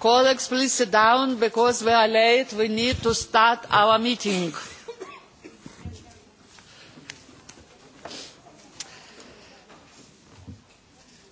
Colleagues, please sit down because we are late. We need to start our meeting.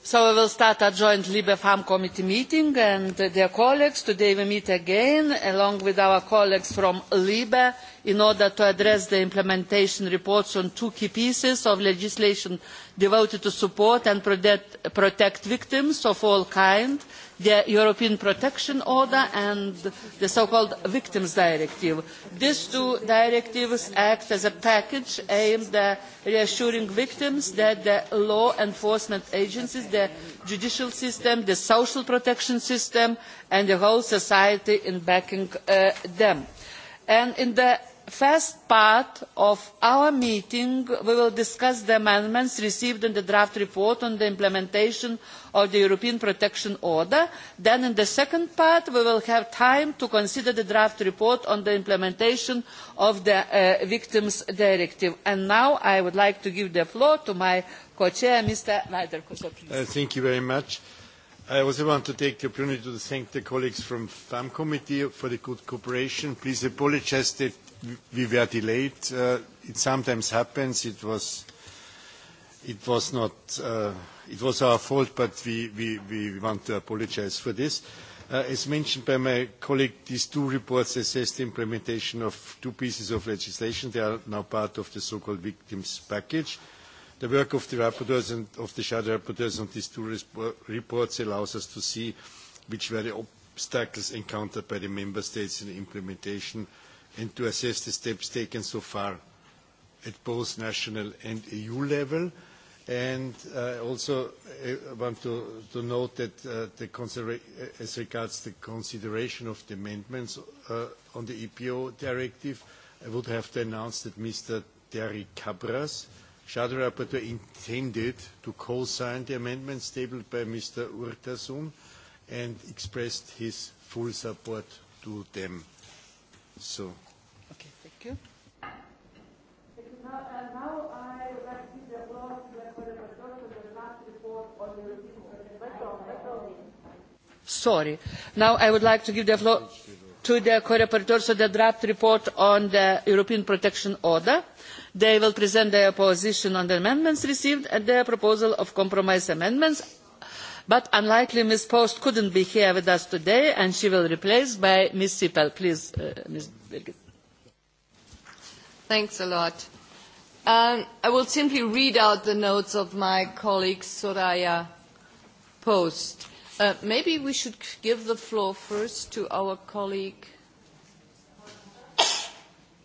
So we will start our joint Libe Farm Committee meeting and dear colleagues, today we meet again along with our colleagues from Libe in order to address the implementation reports on two key pieces of legislation devoted to support and protect victims of all kinds, the European Protection Order and the so-called Victims Directive. These two directives act as a package aimed at reassuring victims that the law enforcement agencies, the judicial system, the social protection system and the whole society in backing them and in the first part of our meeting we will discuss the amendments received in the draft report on the implementation of the european protection order then in the second part we will have time to consider the draft report on the implementation of the victims directive and now i would like to give the floor to my co chair mr neidler I also want to take the opportunity to thank the colleagues from FAM Committee for the good cooperation. Please apologize that we were delayed. It sometimes happens. It was it was not it was our fault, but we we we want to apologize for this. As mentioned by my colleague, these two reports assess the implementation of two pieces of legislation. They are now part of the so-called victims package. The work of the rapporteurs and of the shadow rapporteurs on these two reports allows us to see which were the obstacles encountered by the member states in implementation and to assess the steps taken so far at both national and EU level. And I also want to note that as regards the consideration of the amendments on the EPO directive, I would have to announce that Mr. Terry Cabras, Shadow Rapporteur intended to co-sign the amendments tabled by Mr. Urtasun and expressed his full support to them. So. Okay, thank you. Now I like to give the floor to the rapporteur for the last report on the European Sorry. Now I would like to give the floor to the co-rapporteurs of the draft report on the European Protection Order. They will present their position on the amendments received and their proposal of compromise amendments. But unlikely Ms. Post couldn't be here with us today, and she will be replaced by Ms. Sipel. Please, Ms. Birgit. Thanks a lot. I will simply read out the notes of my colleague Soraya Post maybe we should give the floor first to our colleague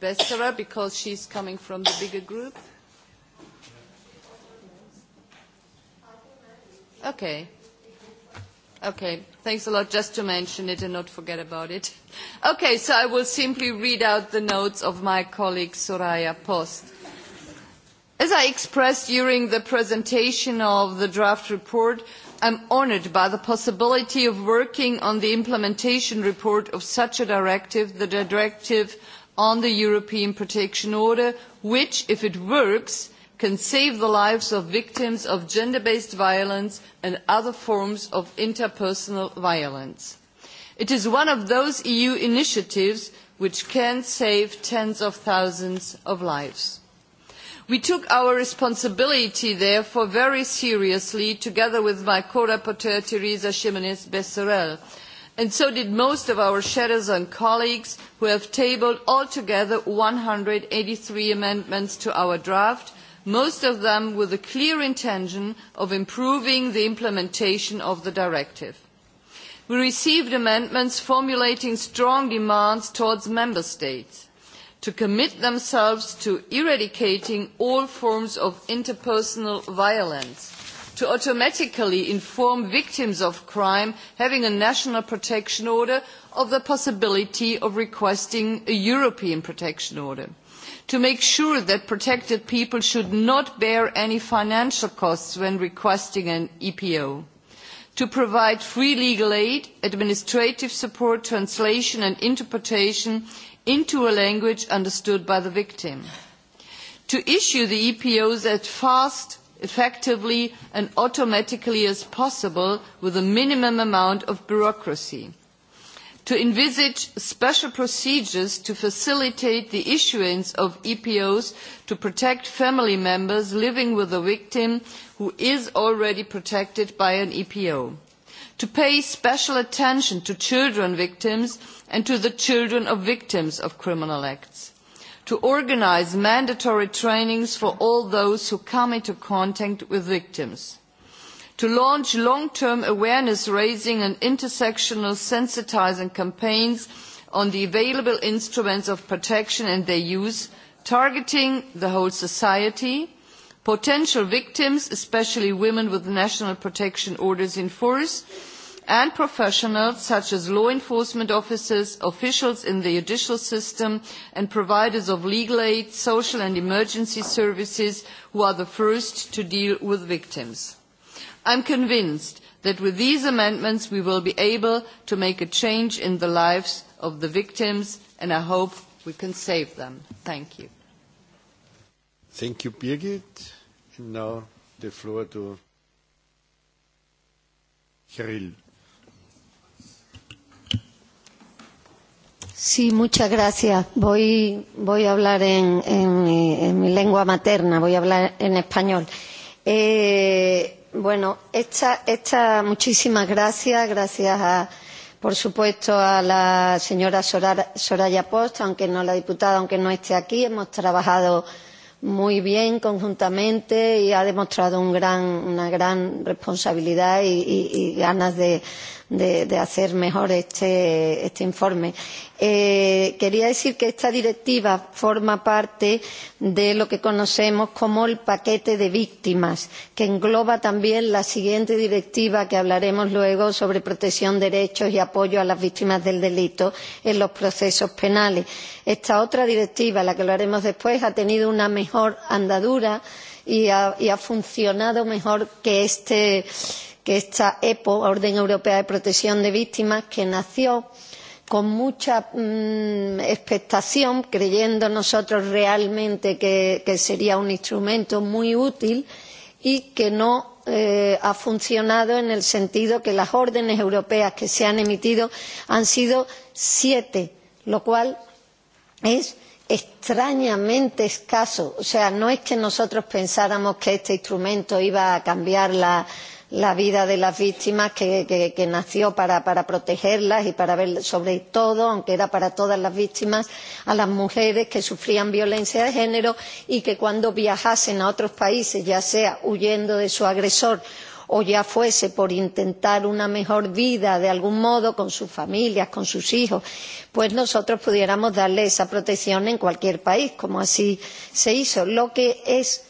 Bessera because she's coming from the bigger group. Okay. Okay, thanks a lot. Just to mention it and not forget about it. Okay, so I will simply read out the notes of my colleague Soraya Post. As I expressed during the presentation of the draft report, I am honoured by the possibility of working on the implementation report of such a directive, the directive on the European Protection Order, which, if it works, can save the lives of victims of gender-based violence and other forms of interpersonal violence. It is one of those EU initiatives which can save tens of thousands of lives. We took our responsibility, therefore, very seriously, together with my co-rapporteur, Teresa Jimenez Becerril. And so did most of our shadows and colleagues who have tabled altogether one hundred and eighty three amendments to our draft, most of them with the clear intention of improving the implementation of the directive. We received amendments formulating strong demands towards member states to commit themselves to eradicating all forms of interpersonal violence, to automatically inform victims of crime having a national protection order of the possibility of requesting a European protection order, to make sure that protected people should not bear any financial costs when requesting an EPO to provide free legal aid, administrative support, translation and interpretation into a language understood by the victim. To issue the EPOs as fast, effectively and automatically as possible with a minimum amount of bureaucracy to envisage special procedures to facilitate the issuance of EPOs to protect family members living with a victim who is already protected by an EPO, to pay special attention to children victims and to the children of victims of criminal acts, to organise mandatory trainings for all those who come into contact with victims to launch long-term awareness-raising and intersectional sensitising campaigns on the available instruments of protection and their use, targeting the whole society, potential victims, especially women with national protection orders in force, and professionals such as law enforcement officers, officials in the judicial system, and providers of legal aid, social and emergency services who are the first to deal with victims. I am convinced that with these amendments we will be able to make a change in the lives of the victims and I hope we can save them. Thank you. Thank you, Birgit. And now the floor to Kirill. Sí, muchas gracias. Voy, voy a hablar en, en, en mi lengua materna, voy a hablar en español. Eh, Bueno, esta, esta, muchísimas gracias, gracias a, por supuesto a la señora Soraya Post, aunque no la diputada, aunque no esté aquí, hemos trabajado muy bien conjuntamente y ha demostrado un gran, una gran responsabilidad y, y, y ganas de, de, de hacer mejor este, este informe. Eh, quería decir que esta directiva forma parte de lo que conocemos como el paquete de víctimas, que engloba también la siguiente directiva que hablaremos luego sobre protección de derechos y apoyo a las víctimas del delito en los procesos penales. Esta otra directiva, la que lo haremos después, ha tenido una mejor andadura y ha, y ha funcionado mejor que este que esta EPO, Orden Europea de Protección de Víctimas, que nació con mucha expectación, creyendo nosotros realmente que, sería un instrumento muy útil y que no ha funcionado en el sentido que las órdenes europeas que se han emitido han sido siete, lo cual es extrañamente escaso. O sea, no es que nosotros pensáramos que este instrumento iba a cambiar la, la vida de las víctimas que, que, que nació para, para protegerlas y para ver sobre todo, aunque era para todas las víctimas, a las mujeres que sufrían violencia de género y que cuando viajasen a otros países, ya sea huyendo de su agresor o ya fuese por intentar una mejor vida de algún modo con sus familias, con sus hijos, pues nosotros pudiéramos darle esa protección en cualquier país, como así se hizo. Lo que es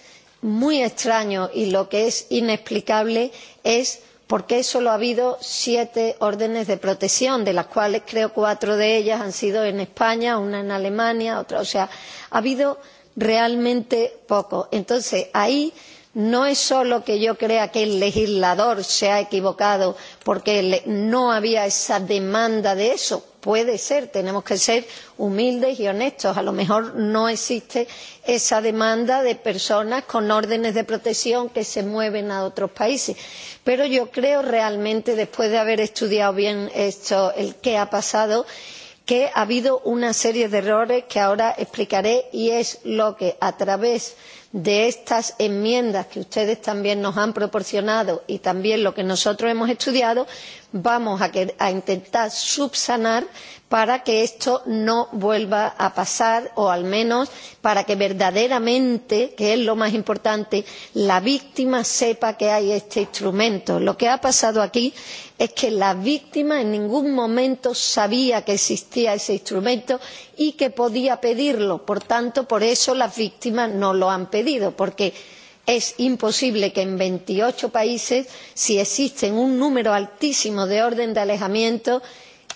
muy extraño y lo que es inexplicable es por qué solo ha habido siete órdenes de protección, de las cuales creo que cuatro de ellas han sido en España, una en Alemania, otra. O sea, ha habido realmente poco. Entonces, ahí no es solo que yo crea que el legislador se ha equivocado porque no había esa demanda de eso. Puede ser, tenemos que ser humildes y honestos. A lo mejor no existe esa demanda de personas con órdenes de protección que se mueven a otros países. Pero yo creo realmente, después de haber estudiado bien esto, el qué ha pasado, que ha habido una serie de errores que ahora explicaré y es lo que a través de de estas enmiendas que ustedes también nos han proporcionado y también lo que nosotros hemos estudiado, vamos a, intentar subsanar para que esto no vuelva a pasar o al menos para que verdaderamente, que es lo más importante, la víctima sepa que hay este instrumento. Lo que ha pasado aquí es que la víctima en ningún momento sabía que existía ese instrumento y que podía pedirlo. Por tanto, por eso las víctimas no lo han pedido, porque es imposible que en veintiocho países si existen un número altísimo de órdenes de alejamiento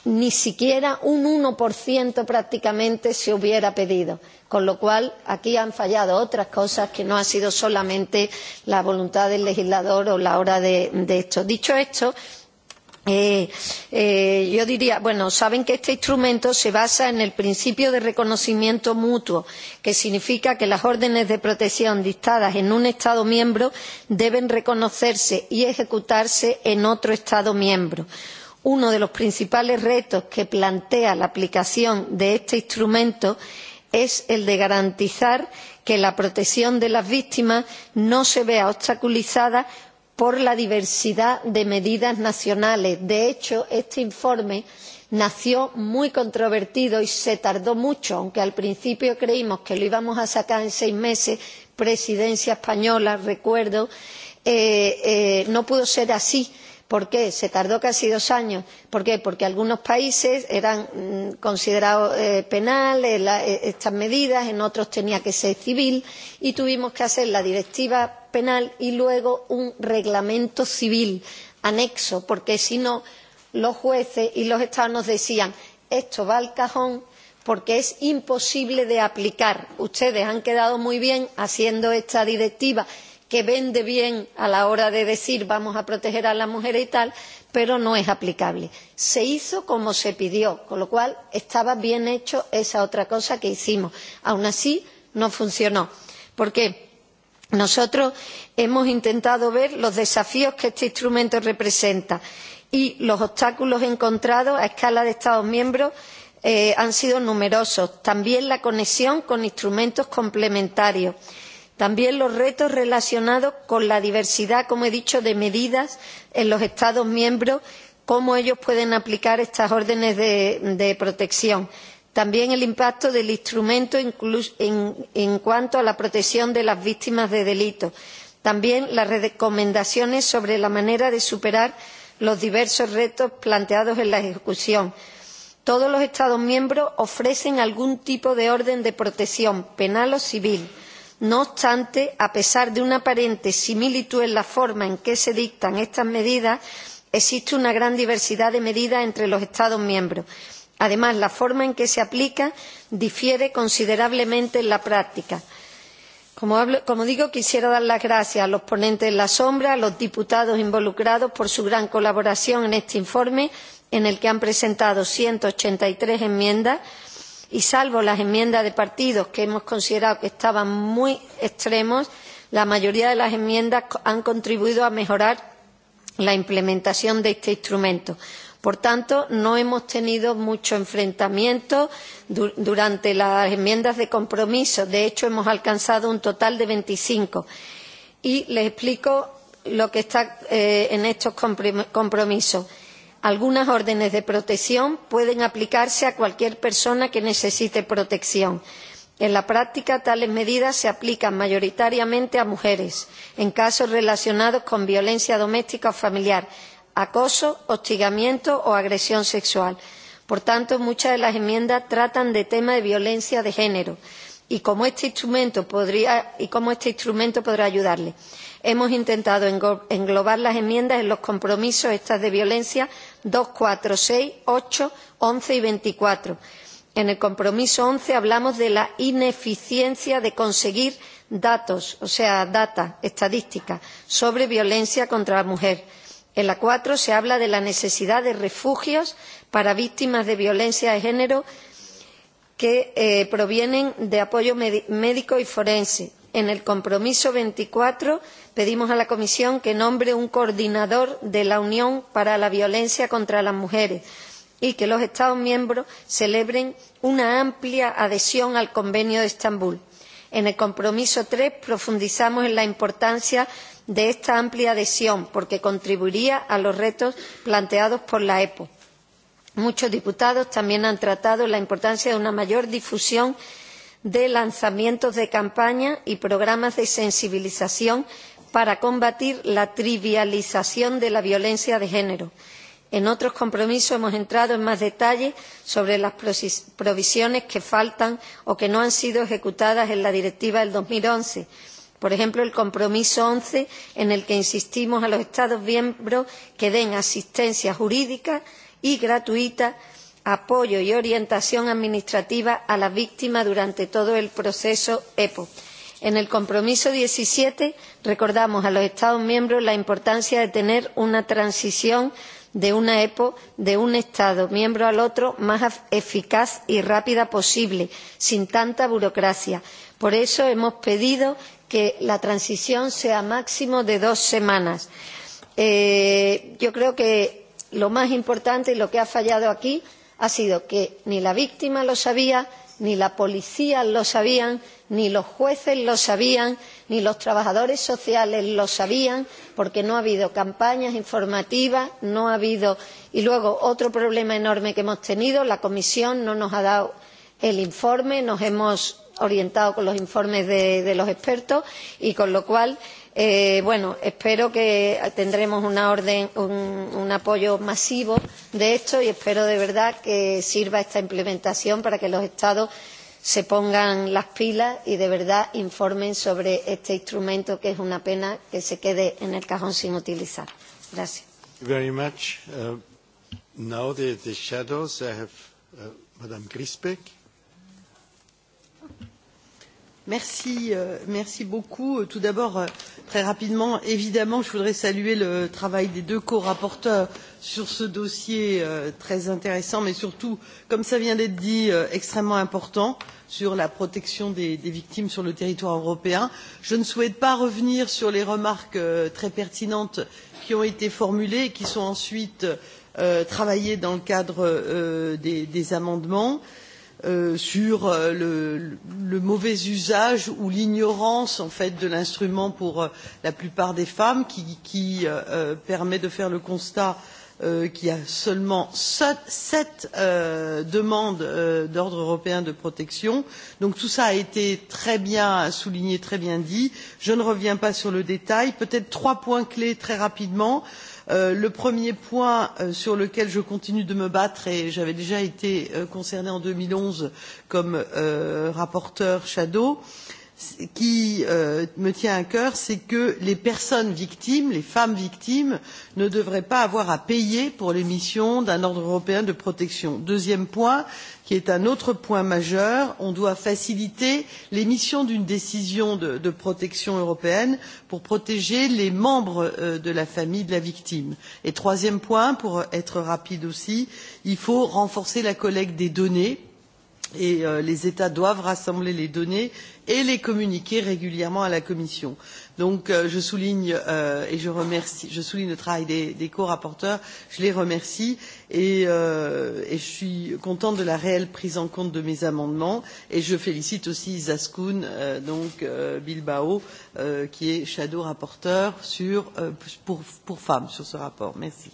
ni siquiera un uno prácticamente se hubiera pedido. Con lo cual, aquí han fallado otras cosas que no ha sido solamente la voluntad del legislador o la hora de, de esto. Dicho esto, Eh, eh, yo diría, bueno, saben que este instrumento se basa en el principio de reconocimiento mutuo, que significa que las órdenes de protección dictadas en un Estado miembro deben reconocerse y ejecutarse en otro Estado miembro uno de los principales retos que plantea la aplicación de este instrumento es el de garantizar que la protección de las víctimas no se vea obstaculizada por la diversidad de medidas nacionales. de hecho este informe nació muy controvertido y se tardó mucho aunque al principio creímos que lo íbamos a sacar en seis meses presidencia española recuerdo no pudo ser así. ¿Por qué? Se tardó casi dos años. ¿Por qué? Porque algunos países eran considerados eh, penales estas medidas, en otros tenía que ser civil y tuvimos que hacer la directiva penal y luego un reglamento civil anexo, porque si no, los jueces y los estados nos decían esto va al cajón porque es imposible de aplicar. Ustedes han quedado muy bien haciendo esta directiva que vende bien a la hora de decir vamos a proteger a las mujeres y tal, pero no es aplicable. Se hizo como se pidió, con lo cual estaba bien hecho esa otra cosa que hicimos. Aun así, no funcionó. porque Nosotros hemos intentado ver los desafíos que este instrumento representa y los obstáculos encontrados a escala de Estados miembros han sido numerosos. También la conexión con instrumentos complementarios. También los retos relacionados con la diversidad, como he dicho, de medidas en los Estados miembros, cómo ellos pueden aplicar estas órdenes de, protección. También el impacto del instrumento en cuanto a la protección de las víctimas de delitos. También las recomendaciones sobre la manera de superar los diversos retos planteados en la ejecución. Todos los Estados miembros ofrecen algún tipo de orden de protección, penal o civil No obstante, a pesar de una aparente similitud en la forma en que se dictan estas medidas, existe una gran diversidad de medidas entre los Estados miembros. Además, la forma en que se aplica difiere considerablemente en la práctica. Como, digo, quisiera dar las gracias a los ponentes en la sombra, a los diputados involucrados por su gran colaboración en este informe, en el que han presentado ciento ochenta y tres enmiendas y salvo las enmiendas de partidos que hemos considerado que estaban muy extremos, la mayoría de las enmiendas han contribuido a mejorar la implementación de este instrumento. Por tanto, no hemos tenido mucho enfrentamiento durante las enmiendas de compromiso. De hecho, hemos alcanzado un total de veinticinco. Y les explico lo que está en estos compromisos algunas órdenes de protección pueden aplicarse a cualquier persona que necesite protección. En la práctica, tales medidas se aplican mayoritariamente a mujeres en casos relacionados con violencia doméstica o familiar, acoso, hostigamiento o agresión sexual. Por tanto, muchas de las enmiendas tratan de temas de violencia de género y cómo este instrumento podrá ayudarle. Hemos intentado englobar las enmiendas en los compromisos estas de violencia dos, cuatro, seis, ocho, once y veinticuatro. En el compromiso once hablamos de la ineficiencia de conseguir datos, o sea, data, estadísticas, sobre violencia contra la mujer. En la cuatro se habla de la necesidad de refugios para víctimas de violencia de género que eh, provienen de apoyo médico y forense. En el compromiso veinticuatro pedimos a la comisión que nombre un coordinador de la unión para la violencia contra las mujeres y que los estados miembros celebren una amplia adhesión al convenio de estambul. en el compromiso tres profundizamos en la importancia de esta amplia adhesión porque contribuiría a los retos planteados por la oep. muchos diputados también han tratado la importancia de una mayor difusión de lanzamientos de campañas y programas de sensibilización para combatir la trivialización de la violencia de género. En otros compromisos hemos entrado en más detalle sobre las provisiones que faltan o que no han sido ejecutadas en la directiva del dos mil once. Por ejemplo, el compromiso once en el que insistimos a los Estados miembros que den asistencia jurídica y gratuita, apoyo y orientación administrativa a las víctimas durante todo el proceso EPO. En el compromiso diecisiete recordamos a los Estados miembros la importancia de tener una transición de una EPO de un Estado miembro al otro más eficaz y rápida posible, sin tanta burocracia. Por eso hemos pedido que la transición sea máximo de dos semanas. yo creo que lo más importante y lo que ha fallado aquí ha sido que ni la víctima lo sabía, ni la policía lo sabían ni los jueces lo sabían ni los trabajadores sociales lo sabían porque no ha habido campañas informativas no ha habido y luego otro problema enorme que hemos tenido la comisión no nos ha dado el informe nos hemos orientado con los informes de los expertos y con lo cual espero que tendremos un apoyo masivo de esto y espero de verdad que sirva esta implementación para que los estados se pongan las pilas y de verdad informen sobre este instrumento que es una pena que se quede en el cajón sin utilizar. Gracias. Madame Grisbeck. Merci, beaucoup. Tout d'abord, très rapidement, évidemment, je voudrais saluer le travail des deux corapporteurs sur ce dossier très intéressant, mais surtout, comme cela vient d'être dit, extrêmement important sur la protection des, victimes sur le territoire européen. Je ne souhaite pas revenir sur les remarques très pertinentes qui ont été formulées et qui sont ensuite travaillées dans le cadre des, amendements sur le, mauvais usage ou l'ignorance en fait de l'instrument pour la plupart des femmes qui, permet de faire le constat qu'il y a seulement sept demandes d'ordre européen de protection. Donc tout cela a été très bien souligné, très bien dit. Je ne reviens pas sur le détail. Peut-être trois points clés très rapidement. Euh, le premier point sur lequel je continue de me battre et j'avais déjà été concernée en deux mille onze comme rapporteure fictive qui me tient à cœur, c'est que les personnes victimes, les femmes victimes, ne devraient pas avoir à payer pour l'émission d'un ordre européen de protection. Deuxième point, qui est un autre point majeur, on doit faciliter l'émission d'une décision de, protection européenne pour protéger les membres de la famille de la victime. Et troisième point, pour être rapide aussi, il faut renforcer la collecte des données et les États doivent rassembler les données et les communiquer régulièrement à la Commission. Donc je souligne et je remercie, je souligne le travail des, des je les remercie et, je suis contente de la réelle prise en compte de mes amendements et je félicite aussi Zaskun donc Bilbao qui est shadow rapporteur sur, pour, pour femmes sur ce rapport. Merci.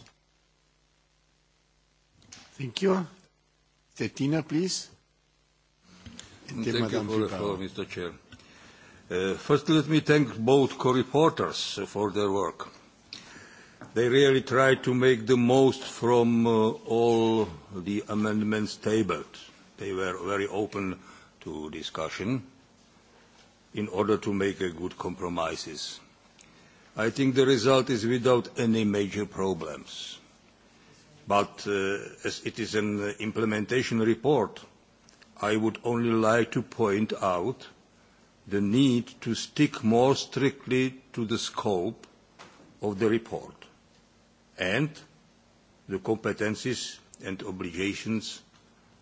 Thank you. please first, let me thank both co-reporters for their work. They really tried to make the most from uh, all the amendments tabled. They were very open to discussion in order to make a good compromises. I think the result is without any major problems. But uh, as it is an implementation report, I would only like to point out the need to stick more strictly to the scope of the report and the competencies and obligations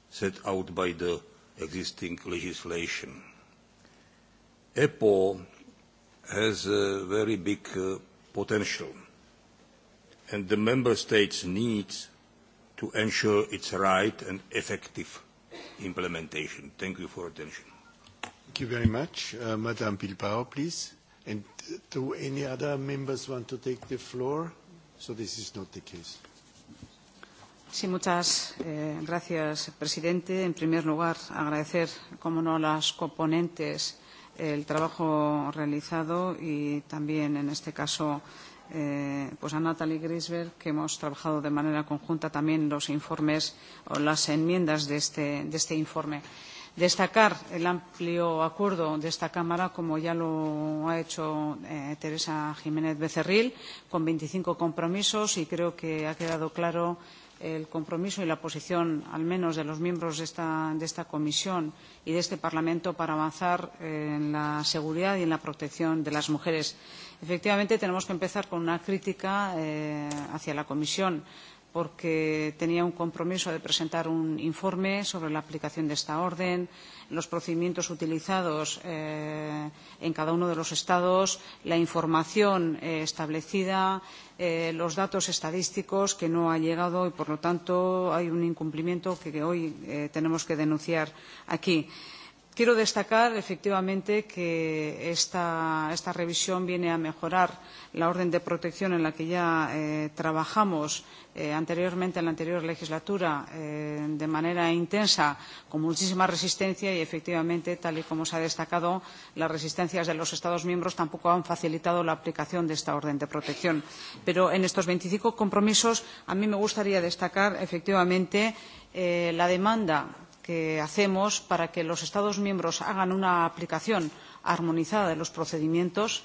set out by the existing legislation. EPO has a very big potential, and the member states need to ensure its right and effective implementation. Thank you for attention. Thank you very much. Uh, Madame Bilbao, please. And do any other members want to take the floor? So this is not the case. Sí, muchas eh, gracias, presidente. En primer lugar, agradecer, como no, a las coponentes el trabajo realizado y también, en este caso, eh, pues a Natalie Grisberg, que hemos trabajado de manera conjunta también los informes o las enmiendas de este, de este informe. Destacar el amplio acuerdo de esta Cámara, como ya lo ha hecho eh, Teresa Jiménez Becerril, con 25 compromisos y creo que ha quedado claro el compromiso y la posición, al menos de los miembros de esta, de esta comisión y de este Parlamento, para avanzar en la seguridad y en la protección de las mujeres. Efectivamente, tenemos que empezar con una crítica eh, hacia la Comisión, porque tenía un compromiso de presentar un informe sobre la aplicación de esta orden, los procedimientos utilizados eh, en cada uno de los Estados, la información eh, establecida, eh, los datos estadísticos que no ha llegado y, por lo tanto, hay un incumplimiento que, que hoy eh, tenemos que denunciar aquí. Eh, quiero destacar efectivamente que esta, revisión viene a mejorar la orden de protección en la que ya trabajamos anteriormente en la anterior legislatura de manera intensa con muchísima resistencia y efectivamente tal y como se ha destacado las resistencias de los estados miembros tampoco han facilitado la aplicación de esta orden de protección pero en estos veinticinco compromisos a mí me gustaría destacar efectivamente la demanda que hacemos para que los Estados miembros hagan una aplicación armonizada de los procedimientos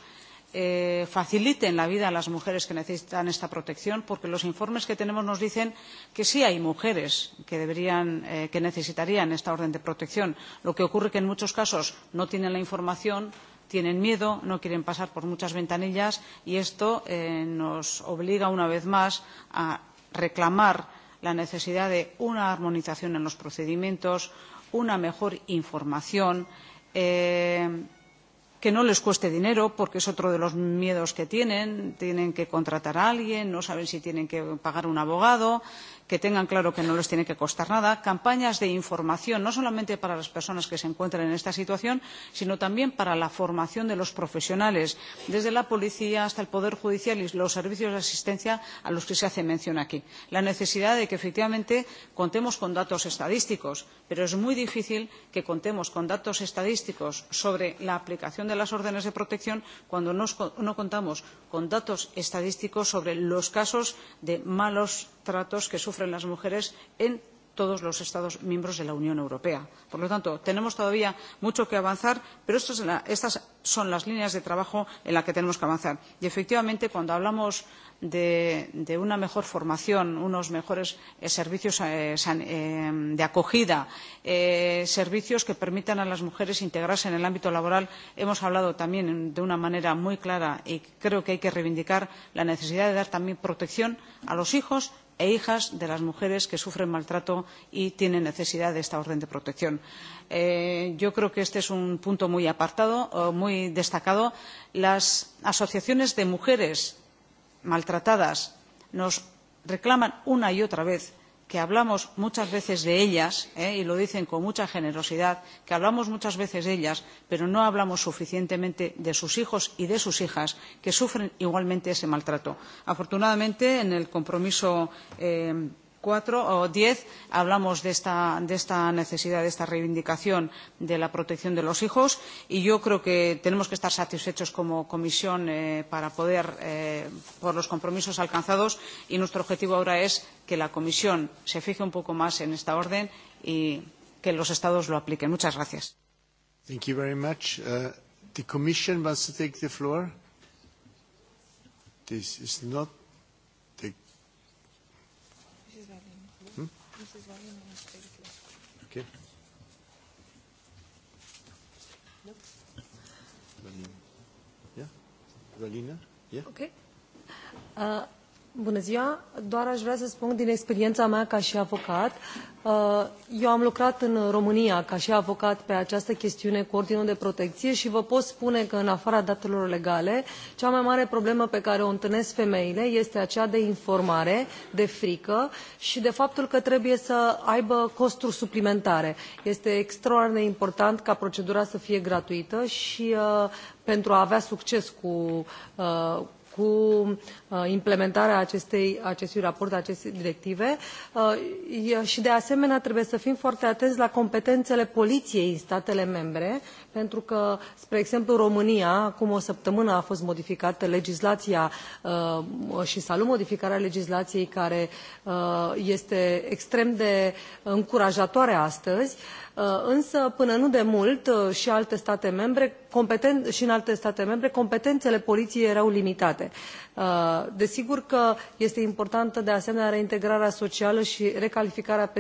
faciliten la vida a las mujeres que necesitan esta protección porque los informes que tenemos nos dicen que sí hay mujeres que necesitarían esta orden de protección lo que ocurre es que en muchos casos no tienen la información tienen miedo no quieren pasar por muchas ventanillas y esto nos obliga una vez más a reclamar la necesidad de una armonización en los procedimientos, una mejor información, que no les cueste dinero, porque es otro de los miedos que tienen. Tienen que contratar a alguien, no saben si tienen que pagar un abogado que tengan claro que no les tiene que costar nada campañas de información no solamente para las personas que se encuentran en esta situación sino también para la formación de los profesionales desde la policía hasta el poder judicial y los servicios de asistencia a los que se hace mención aquí la necesidad de que efectivamente contemos con datos estadísticos pero es muy difícil que contemos con datos estadísticos sobre la aplicación de las órdenes de protección cuando no contamos con datos estadísticos sobre los casos de malos tratos que sufren las mujeres en todos los Estados miembros de la Unión Europea. Por lo tanto, tenemos todavía mucho que avanzar, pero estas son las líneas de trabajo en las que tenemos que avanzar. Y efectivamente, cuando hablamos de, una mejor formación, unos mejores servicios de acogida, servicios que permitan a las mujeres integrarse en el ámbito laboral, hemos hablado también de una manera muy clara y creo que hay que reivindicar la necesidad de dar también protección a los hijos e hijas de las mujeres que sufren maltrato y tienen necesidad de esta orden de protección. yo creo que este es un punto muy apartado, muy destacado. Las asociaciones de mujeres maltratadas nos reclaman una y otra vez que hablamos muchas veces de ellas y lo dicen con mucha generosidad que hablamos muchas veces de ellas pero no hablamos suficientemente de sus hijos y de sus hijas que sufren igualmente ese maltrato. afortunadamente en el compromiso n cuatro o diez hablamos de esta necesidad de esta reivindicación de la protección de los hijos y yo creo que tenemos que estar satisfechos como comisión para poder por los compromisos alcanzados y nuestro objetivo ahora es que la comisión se fije un poco más en esta orden y que los estados lo apliquen. Muchas gracias. Thank you very much. Uh, the commission wants to take the floor. This is not се на министрите. Окей. Галина. Залина? Окей. Okay. Uh, Bună ziua! Doar aș vrea să spun din experiența mea ca și avocat. Eu am lucrat în România ca și avocat pe această chestiune cu ordinul de protecție și vă pot spune că în afara datelor legale, cea mai mare problemă pe care o întâlnesc femeile este aceea de informare, de frică și de faptul că trebuie să aibă costuri suplimentare. Este extraordinar de important ca procedura să fie gratuită și pentru a avea succes cu cu implementarea acestei, acestui raport, acestei directive și de asemenea trebuie să fim foarte atenți la competențele poliției în statele membre, pentru că, spre exemplu, România, acum o săptămână a fost modificată legislația și salut modificarea legislației care este extrem de încurajatoare astăzi, însă până nu de mult și alte state membre și în alte state membre competențele poliției erau limitate departe. Desigur că este importantă de asemenea reintegrarea socială și recalificarea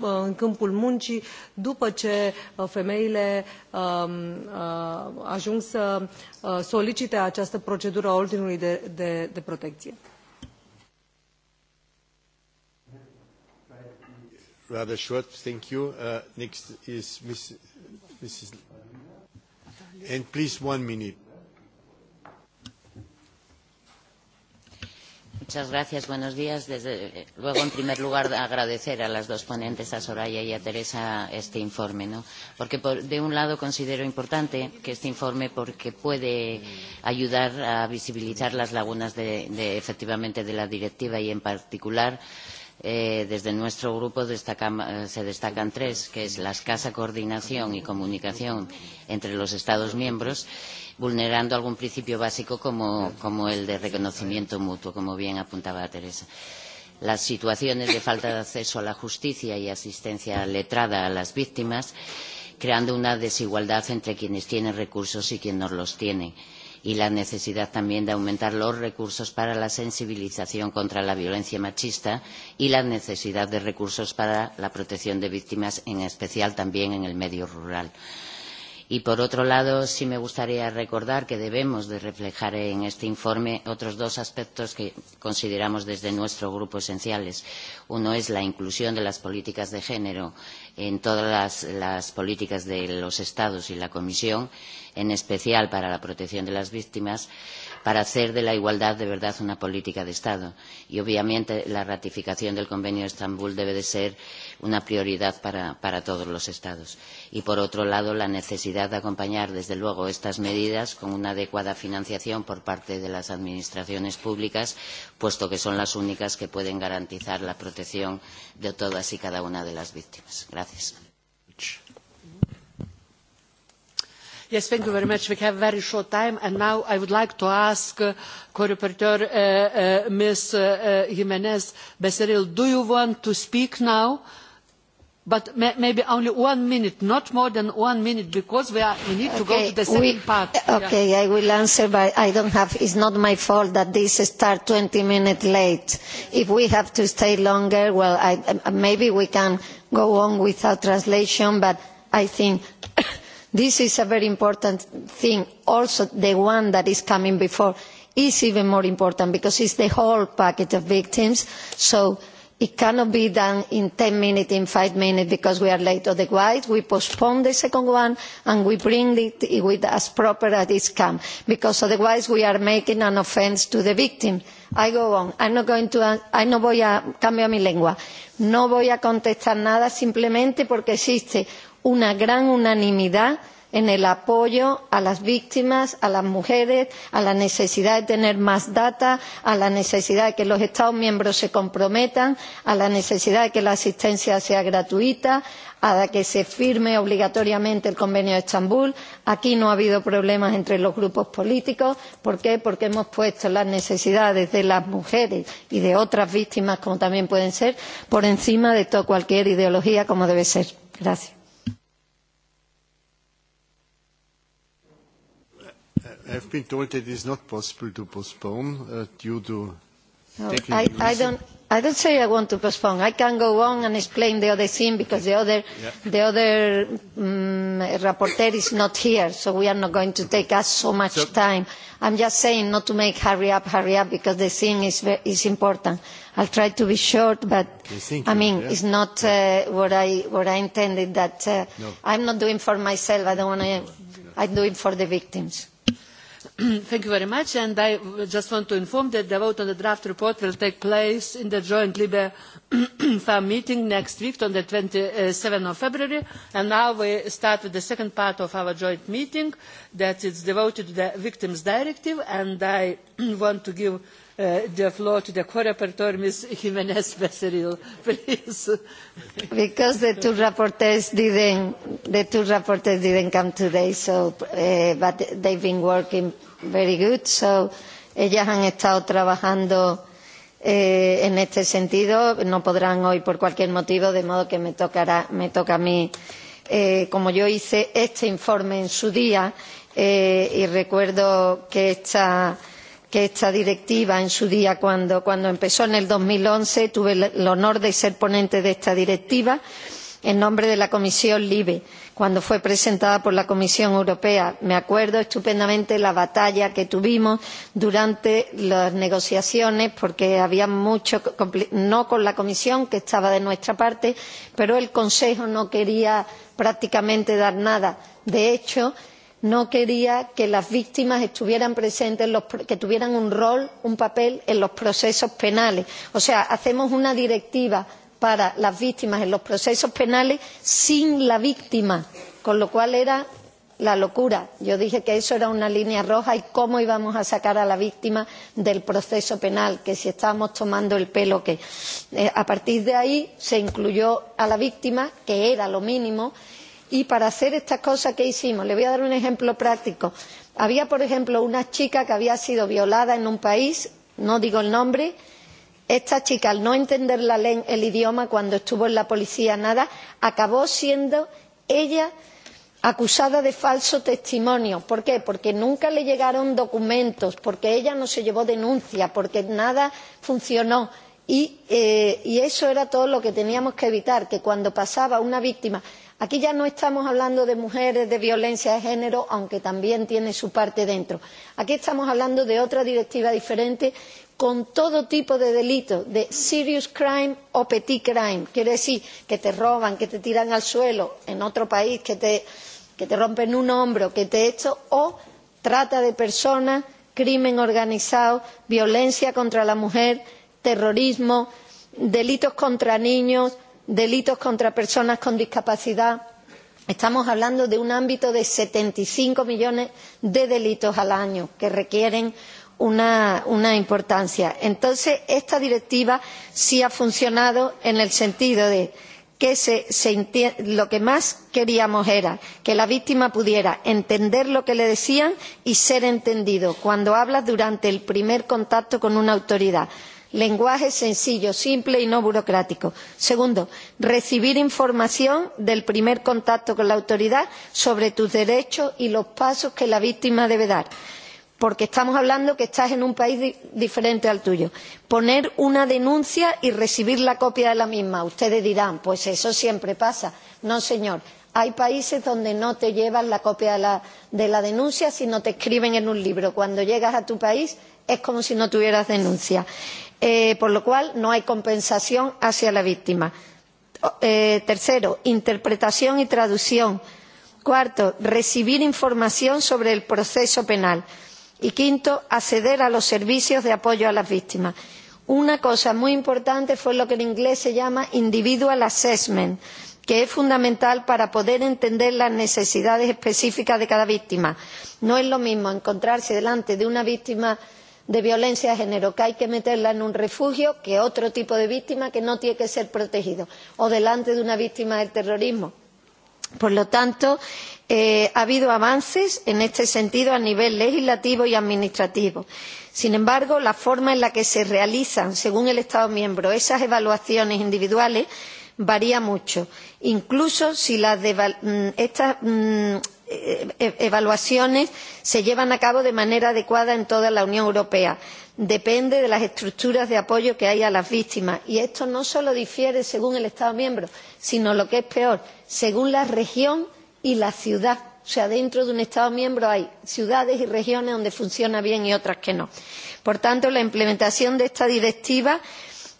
în câmpul muncii după ce femeile ajung să solicite această procedură a ordinului de protecție. rather short. Thank you. Next is Mrs. And please, one minute. Muchas gracias, buenos días. Desde luego, en primer lugar, agradecer a las dos ponentes, a Soraya y a Teresa, este informe, ¿no? Porque, por, de un lado, considero importante que este informe porque puede ayudar a visibilizar las lagunas de, de, efectivamente de la directiva y, en particular, eh, desde nuestro grupo destaca, se destacan tres, que es la escasa coordinación y comunicación entre los Estados miembros vulnerando algún principio básico como, como el de reconocimiento mutuo, como bien apuntaba Teresa. Las situaciones de falta de acceso a la justicia y asistencia letrada a las víctimas, creando una desigualdad entre quienes tienen recursos y quienes no los tienen y la necesidad también de aumentar los recursos para la sensibilización contra la violencia machista y la necesidad de recursos para la protección de víctimas, en especial también en el medio rural. Y por otro lado, sí me gustaría recordar que debemos de reflejar en este informe otros dos aspectos que consideramos desde nuestro grupo esenciales. Uno es la inclusión de las políticas de género en todas las, las políticas de los Estados y la Comisión, en especial para la protección de las víctimas para hacer de la igualdad de verdad una política de Estado. Y obviamente la ratificación del Convenio de Estambul debe de ser una prioridad para, para todos los Estados. Y por otro lado, la necesidad de acompañar, desde luego, estas medidas con una adecuada financiación por parte de las administraciones públicas, puesto que son las únicas que pueden garantizar la protección de todas y cada una de las víctimas. Gracias. Yes, thank you very much. We have very short time, and now I would like to ask co-rapporteur Ms. Jimenez Becerril, do you want to speak now? But maybe only one minute, not more than one minute, because we, are, we need to go to the second part. Okay, I will answer, but I don't have. It's not my fault that this starts 20 minutes late. If we have to stay longer, well, I, maybe we can go on without translation. But I think This is a very important thing. Also, the one that is coming before is even more important because it is the whole package of victims. So it cannot be done in ten minutes, in five minutes, because we are late. Otherwise, we postpone the second one and we bring it with as proper as it can, because otherwise we are making an offence to the victim. I go on. I'm not going to, I no voy a, cambio mi lengua. No voy a contestar nada simplemente porque existe una gran unanimidad en el apoyo a las víctimas, a las mujeres, a la necesidad de tener más datos, a la necesidad de que los Estados miembros se comprometan, a la necesidad de que la asistencia sea gratuita, a que se firme obligatoriamente el convenio de Estambul. Aquí no ha habido problemas entre los grupos políticos. ¿Por qué? Porque hemos puesto las necesidades de las mujeres y de otras víctimas, como también pueden ser, por encima de cualquier ideología, como debe ser. Gracias I've been told that it is not possible to postpone uh, due to technical I, I don't. I don't say I want to postpone. I can go on and explain the other thing because the other, yeah. the other um, rapporteur is not here, so we are not going to take us so much so, time. I'm just saying not to make hurry up, hurry up, because the thing is, is important. I'll try to be short, but I mean, yeah. it's not uh, what, I, what I intended that uh, no. I'm not doing for myself. I don't want to. I do it for the victims. Thank you very much, and I just want to inform that the vote on the draft report will take place in the joint Libe farm meeting next week on the seven of February. And now we start with the second part of our joint meeting that is devoted to the Victims Directive, and I want to give the floor to the co-rapporteur, Ms. Jimenez Becerril, please. Because the two rapporteurs didn't, the two rapporteurs didn't come today, so uh, but they've been working Very good. So ellas han estado trabajando eh, en este sentido. No podrán hoy por cualquier motivo, de modo que me, tocará, me toca a mí, eh, como yo hice este informe en su día, eh, y recuerdo que esta, que esta directiva en su día, cuando, cuando empezó en el 2011, tuve el honor de ser ponente de esta directiva en nombre de la Comisión LIBE cuando fue presentada por la Comisión Europea. Me acuerdo estupendamente la batalla que tuvimos durante las negociaciones porque había mucho, no con la Comisión que estaba de nuestra parte, pero el Consejo no quería prácticamente dar nada. De hecho, no quería que las víctimas estuvieran presentes, que tuvieran un rol, un papel en los procesos penales. O sea, hacemos una directiva para las víctimas en los procesos penales sin la víctima, con lo cual era la locura. Yo dije que eso era una línea roja y cómo íbamos a sacar a la víctima del proceso penal, que si estábamos tomando el pelo que. a partir de ahí se incluyó a la víctima, que era lo mínimo, y para hacer estas cosas que hicimos, le voy a dar un ejemplo práctico. Había, por ejemplo, una chica que había sido violada en un país, no digo el nombre, esta chica al no entender el idioma cuando estuvo en la policía nada acabó siendo ella acusada de falso testimonio. por qué? porque nunca le llegaron documentos porque ella no se llevó denuncia porque nada funcionó. y eso era todo lo que teníamos que evitar que cuando pasaba una víctima aquí ya no estamos hablando de mujeres de violencia de género aunque también tiene su parte dentro aquí estamos hablando de otra directiva diferente con todo tipo de delitos, de serious crime o petit crime. Quiere decir que te roban, que te tiran al suelo en otro país, que te, que te rompen un hombro, que te esto, o trata de personas, crimen organizado, violencia contra la mujer, terrorismo, delitos contra niños, delitos contra personas con discapacidad. Estamos hablando de un ámbito de setenta y cinco millones de delitos al año que requieren una, una importancia. Entonces, esta directiva sí ha funcionado en el sentido de que se, se lo que más queríamos era que la víctima pudiera entender lo que le decían y ser entendido cuando habla durante el primer contacto con una autoridad. Lenguaje sencillo, simple y no burocrático. Segundo, recibir información del primer contacto con la autoridad sobre tus derechos y los pasos que la víctima debe dar porque estamos hablando de que estás en un país diferente al tuyo. Poner una denuncia y recibir la copia de la misma. Ustedes dirán, pues eso siempre pasa. No, señor. Hay países donde no te llevan la copia de la, de la denuncia, sino te escriben en un libro. Cuando llegas a tu país es como si no tuvieras denuncia. Eh, por lo cual, no hay compensación hacia la víctima. Eh, tercero, interpretación y traducción. Cuarto, recibir información sobre el proceso penal y quinto acceder a los servicios de apoyo a las víctimas. una cosa muy importante fue lo que en inglés se llama individual assessment que es fundamental para poder entender las necesidades específicas de cada víctima. no es lo mismo encontrarse delante de una víctima de violencia de género que hay que meterla en un refugio que otro tipo de víctima que no tiene que ser protegida o delante de una víctima del terrorismo por lo tanto ha habido avances en este sentido a nivel legislativo y administrativo. sin embargo la forma en la que se realizan según el estado miembro esas evaluaciones individuales varía mucho incluso si estas evaluaciones se llevan a cabo de manera adecuada en toda la Unión Europea. Depende de las estructuras de apoyo que hay a las víctimas. Y esto no solo difiere según el Estado miembro, sino lo que es peor, según la región y la ciudad. O sea, dentro de un Estado miembro hay ciudades y regiones donde funciona bien y otras que no. Por tanto, la implementación de esta directiva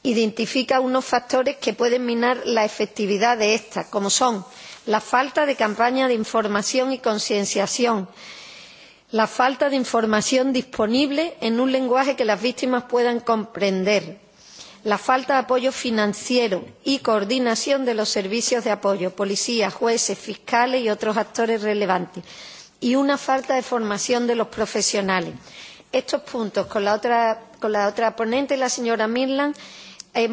identifica unos factores que pueden minar la efectividad de esta, como son la falta de campaña de información y concienciación, la falta de información disponible en un lenguaje que las víctimas puedan comprender, la falta de apoyo financiero y coordinación de los servicios de apoyo, policías, jueces, fiscales y otros actores relevantes, y una falta de formación de los profesionales. Estos puntos, con la otra, con la otra ponente, la señora Mirland,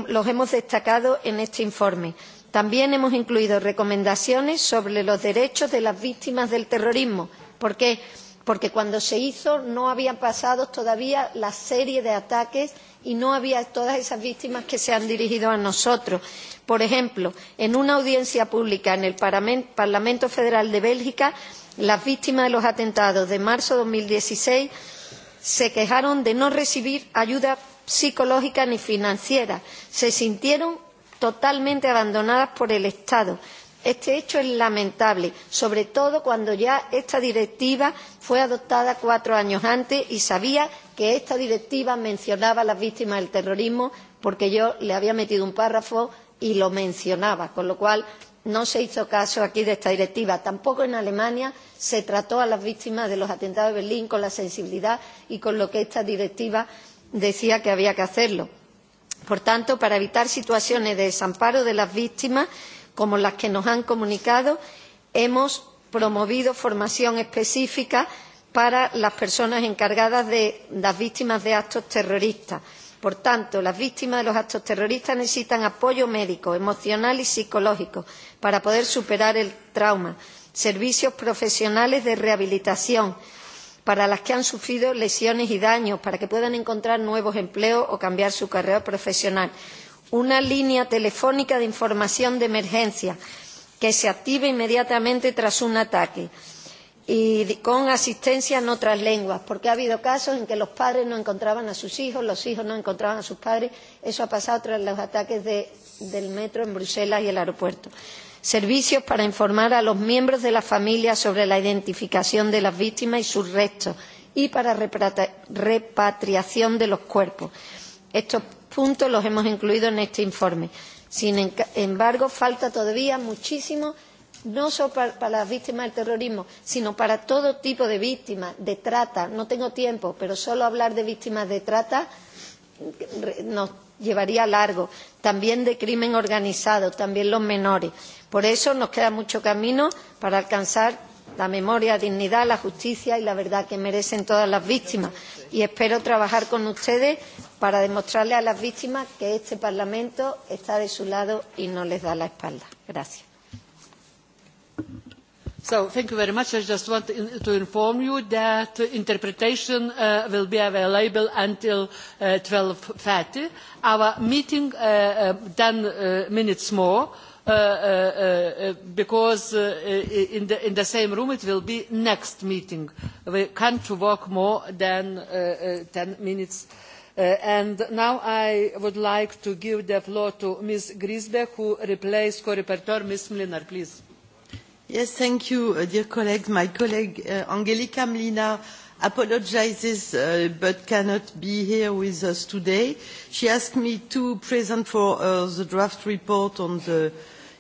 los hemos destacado en este informe También hemos incluido recomendaciones sobre los derechos de las víctimas del terrorismo. ¿Por qué? Porque cuando se hizo no habían pasado todavía la serie de ataques y no había todas esas víctimas que se han dirigido a nosotros. Por ejemplo, en una audiencia pública en el Parlamento Federal de Bélgica, las víctimas de los atentados de marzo de dos mil dieciseis se quejaron de no recibir ayuda psicológica ni financiera. Se sintieron totalmente abandonadas por el Estado. Este hecho es lamentable, sobre todo cuando ya esta directiva fue adoptada cuatro años antes y sabía que esta directiva mencionaba a las víctimas del terrorismo porque yo le había metido un párrafo y lo mencionaba, con lo cual no se hizo caso aquí de esta directiva. Tampoco en Alemania se trató a las víctimas de los atentados de Berlín con la sensibilidad y con lo que esta directiva decía que había que hacerlo Por tanto, para evitar situaciones de desamparo de las víctimas, como las que nos han comunicado, hemos promovido formación específica para las personas encargadas de las víctimas de actos terroristas. Por tanto, las víctimas de los actos terroristas necesitan apoyo médico, emocional y psicológico para poder superar el trauma, servicios profesionales de rehabilitación, para las que han sufrido lesiones y daños, para que puedan encontrar nuevos empleos o cambiar su carrera profesional. Una línea telefónica de información de emergencia que se active inmediatamente tras un ataque y con asistencia en otras lenguas, porque ha habido casos en que los padres no encontraban a sus hijos, los hijos no encontraban a sus padres. Eso ha pasado tras los ataques de, del metro en Bruselas y el aeropuerto servicios para informar a los miembros de la familia sobre la identificación de las víctimas y sus restos y para la repatriación de los cuerpos. Estos puntos los hemos incluido en este informe. Sin embargo, falta todavía muchísimo no solo para, para las víctimas del terrorismo, sino para todo tipo de víctimas de trata. No tengo tiempo, pero solo hablar de víctimas de trata nos llevaría largo, también de crimen organizado, también los menores. Por eso nos queda mucho camino para alcanzar la memoria, la dignidad, la justicia y la verdad que merecen todas las víctimas. Y espero trabajar con ustedes para demostrarles a las víctimas que este Parlamento está de su lado y no les da la espalda. Gracias. So thank you very much. I just want to inform you that interpretation will be available until uh, thirty. Our meeting ten 10 minutes more because in, the, same room it will be next meeting. We can't work more than ten 10 minutes. and now I would like to give the floor to Ms. Griesbeck, who replaced co-repertor Ms. Mlinar, please thank you, dear colleagues. My colleague Angelika Mlina apologizes uh, but cannot be here with us today. She asked me to present for uh, the draft report on the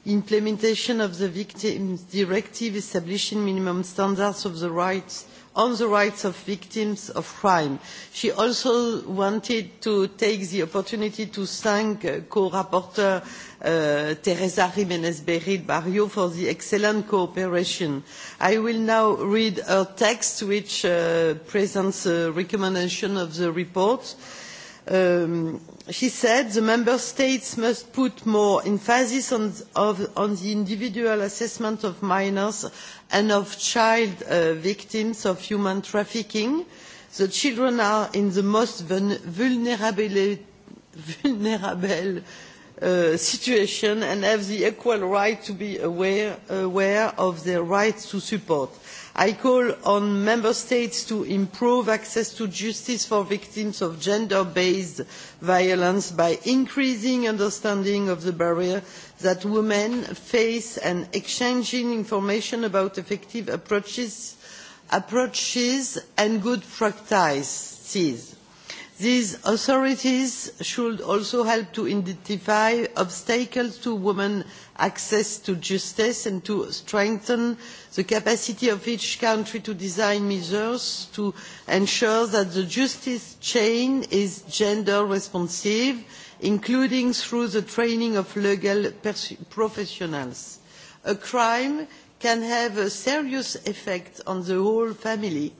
implementation of the Victims Directive establishing minimum standards of the rights on the rights of victims of crime. She also wanted to take the opportunity to thank co-rapporteur Teresa Jimenez Berit Barrio for the excellent cooperation. I will now read her text, which presents a recommendation of the report. Um, she said the member states must put more emphasis on, the individual assessment of minors and of child victims of human trafficking. The children are in the most vulnerable, situation and have the equal right to be aware, of their rights to support i call on member states to improve access to justice for victims of gender based violence by increasing understanding of the barrier that women face and exchanging information about effective approaches and good practices These authorities should also help to identify obstacles to women's access to justice and to strengthen the capacity of each country to design measures to ensure that the justice chain is gender responsive, including through the training of legal professionals. A crime can have a serious effect on the whole family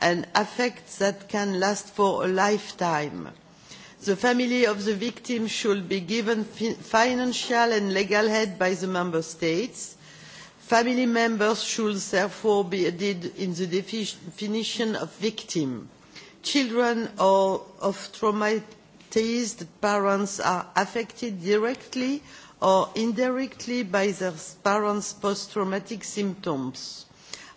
and affects that can last for a lifetime. The family of the victim should be given financial and legal aid by the Member States. Family members should therefore be added in the definition of victim. Children of traumatised parents are affected directly or indirectly by their parents' post-traumatic symptoms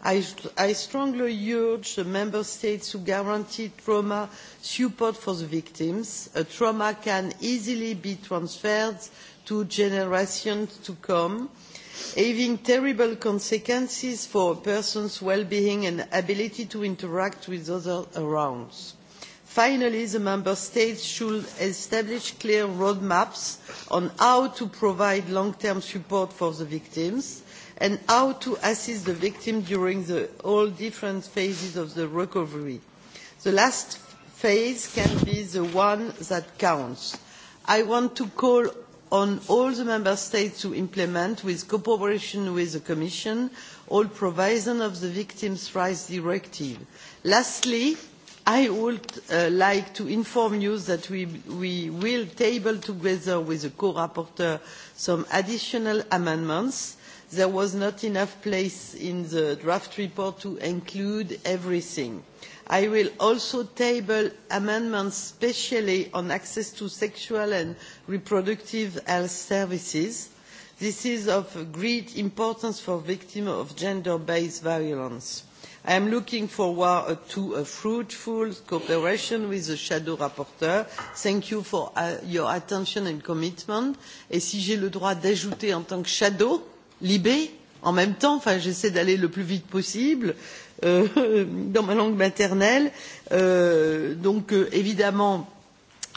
I strongly urge the Member States to guarantee trauma support for the victims. A trauma can easily be transferred to generations to come, having terrible consequences for a person's well-being and ability to interact with others around. Finally, the Member States should establish clear roadmaps on how to provide long-term support for the victims and how to assist the victim during the all different phases of the recovery. The last phase can be the one that counts. I want to call on all the Member States to implement, with cooperation with the Commission, all provisions of the Victims' Rights Directive. Lastly, I would like to inform you that we, will table together with the co-rapporteur some additional amendments there was not enough place in the draft report to include everything. I will also table amendments especially on access to sexual and reproductive health services. This is of great importance for victims of gender-based violence. I am looking forward to a fruitful cooperation with the shadow rapporteur. Thank you for your attention and commitment. Et si j'ai le droit d'ajouter en tant que shadow, libe en même temps enfin j'essaie d'aller le plus vite possible dans ma langue maternelle donc évidemment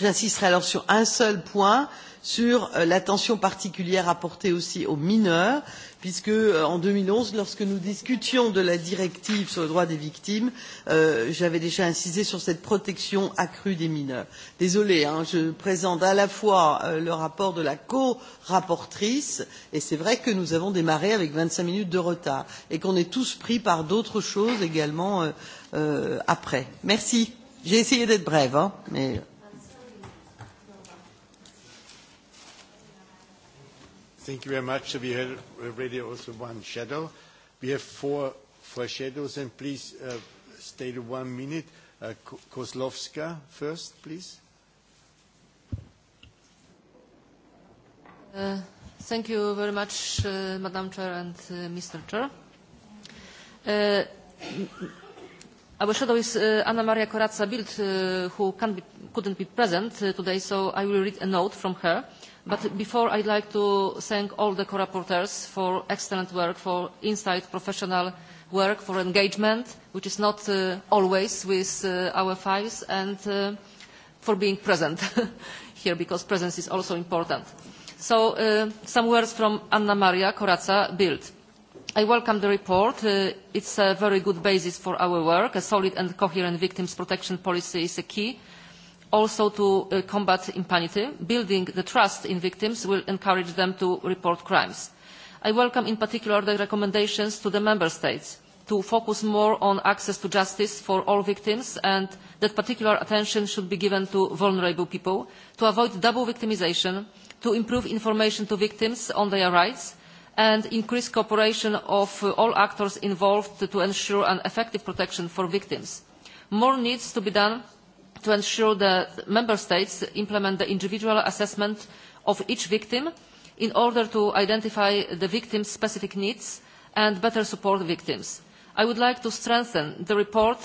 j'insisterai alors sur un seul point sur l'attention particulière à porter aussi aux mineurs puisque en deux mille onze lorsque nous discutions de la directive sur le droit des victimes j'avais déjà insisté sur cette protection accrue des mineurs. désolée je présente à la fois le rapport de la corapporteure et c'est vrai que nous avons démarré avec vingt cinq minutes de retard et qu'on est tous pris par d'autres choses également après. merci j'ai essayé d'être brève mais. Thank you very much. We have already also one shadow. We have four shadows, and please stay to one minute. Kozlowska first, please. Thank you very much, Madam Chair and Mr. Chair. Our shadow is Anna Maria Corazza-Bildt, who couldn't be present today, so I will read a note from her But before, I'd like to thank all the co-rapporteurs for excellent work, for insight, professional work, for engagement, which is not always with our files, and for being present here, because presence is also important. So some words from Anna Maria Corazza Bildt. I welcome the report. It is a very good basis for our work. A solid and coherent victims protection policy is a key also to combat impunity. Building the trust in victims will encourage them to report crimes. I welcome in particular the recommendations to the Member States to focus more on access to justice for all victims and that particular attention should be given to vulnerable people, to avoid double victimisation, to improve information to victims on their rights, and increase cooperation of all actors involved to ensure an effective protection for victims. More needs to be done to ensure that member states implement the individual assessment of each victim in order to identify the victim's specific needs and better support victims. I would like to strengthen the report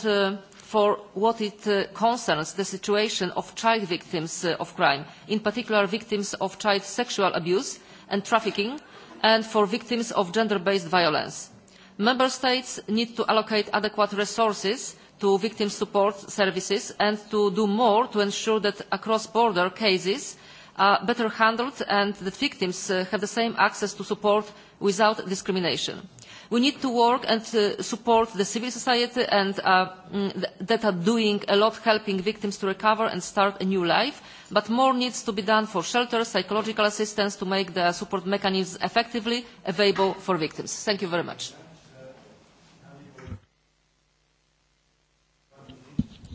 for what it concerns the situation of child victims of crime, in particular victims of child sexual abuse and trafficking, and for victims of gender-based violence. Member States need to allocate adequate resources to victim support services and to do more to ensure that across-border cases are better handled and that victims have the same access to support without discrimination. We need to work and support the civil society and that are doing a lot helping victims to recover and start a new life, but more needs to be done for shelter, psychological assistance to make the support mechanisms effectively available for victims. Thank you very much.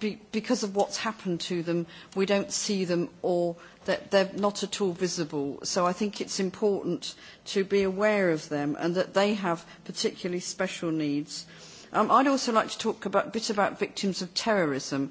be, because of what's happened to them, we don't see them or that they're not at all visible. So I think it's important to be aware of them and that they have particularly special needs. Um, I'd also like to talk a bit about victims of terrorism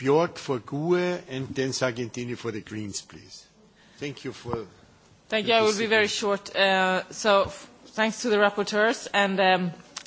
Björk for GUE, and then Sargentini for the Greens, please. Thank you for. Thank you. I will be very short. So thanks to the rapporteurs, and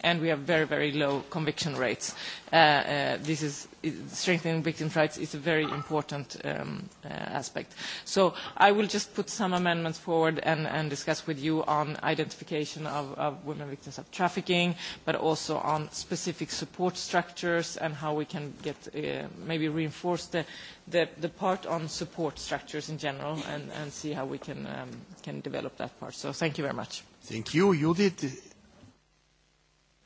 and we have very, very low conviction rates. this is strengthening victims' rights is a very important aspect. So I will just put some amendments forward and, and discuss with you on identification of, of women victims of trafficking, but also on specific support structures and how we can get maybe reinforce the, the, the part on support structures in general and, and see how we can, can develop that part. So thank you very much. Thank you, Judith.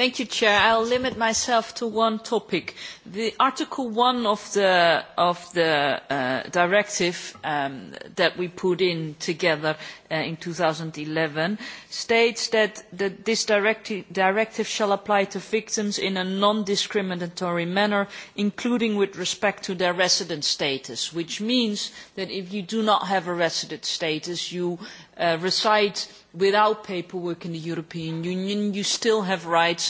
Thank you, Chair. I'll limit myself to one topic. The Article 1 of the, of the uh, directive um, that we put in together uh, in 2011 states that, this directi directive shall apply to victims in a non-discriminatory manner, including with respect to their resident status, which means that if you do not have a resident status, you uh, reside without paperwork in the European Union, you still have rights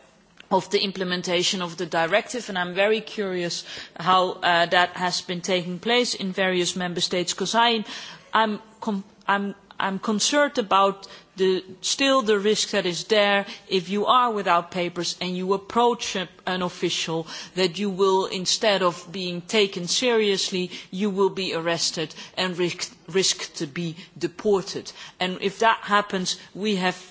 of the implementation of the directive and I am very curious how that has been taking place in various member states because I am I'm concerned about the, still the risk that is there if you are without papers and you approach an official that you will, instead of being taken seriously, you will be arrested and risk, risk to be deported. And if that happens, we have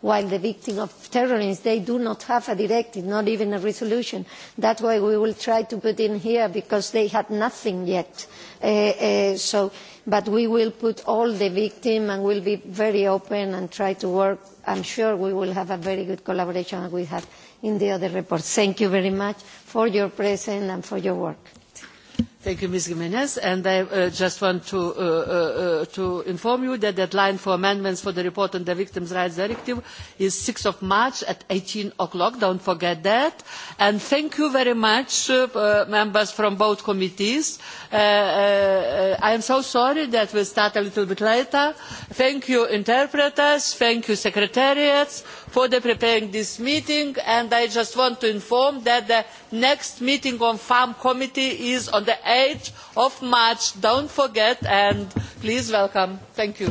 while the victims of terrorism, they do not have a directive, not even a resolution. That's why we will try to put in here, because they had nothing yet. so, but we will put all the victims and will be very open and try to work. I'm sure we will have a very good collaboration as we have in the other reports. Thank you very much for your presence and for your work. Thank you, Ms. Jimenez. And I uh, just want to, uh, uh, to inform you that deadline for amendments for the report on the Victims' Rights Directive is 6th of March at 18 o'clock. Don't forget that. And thank you very much, uh, members from both committees. Uh, uh, I am so sorry that we start a little bit later. Thank you, interpreters. Thank you, secretariats for preparing this meeting and i just want to inform that the next meeting on farm committee is on the eight of March. Don't forget and please welcome. Thank you.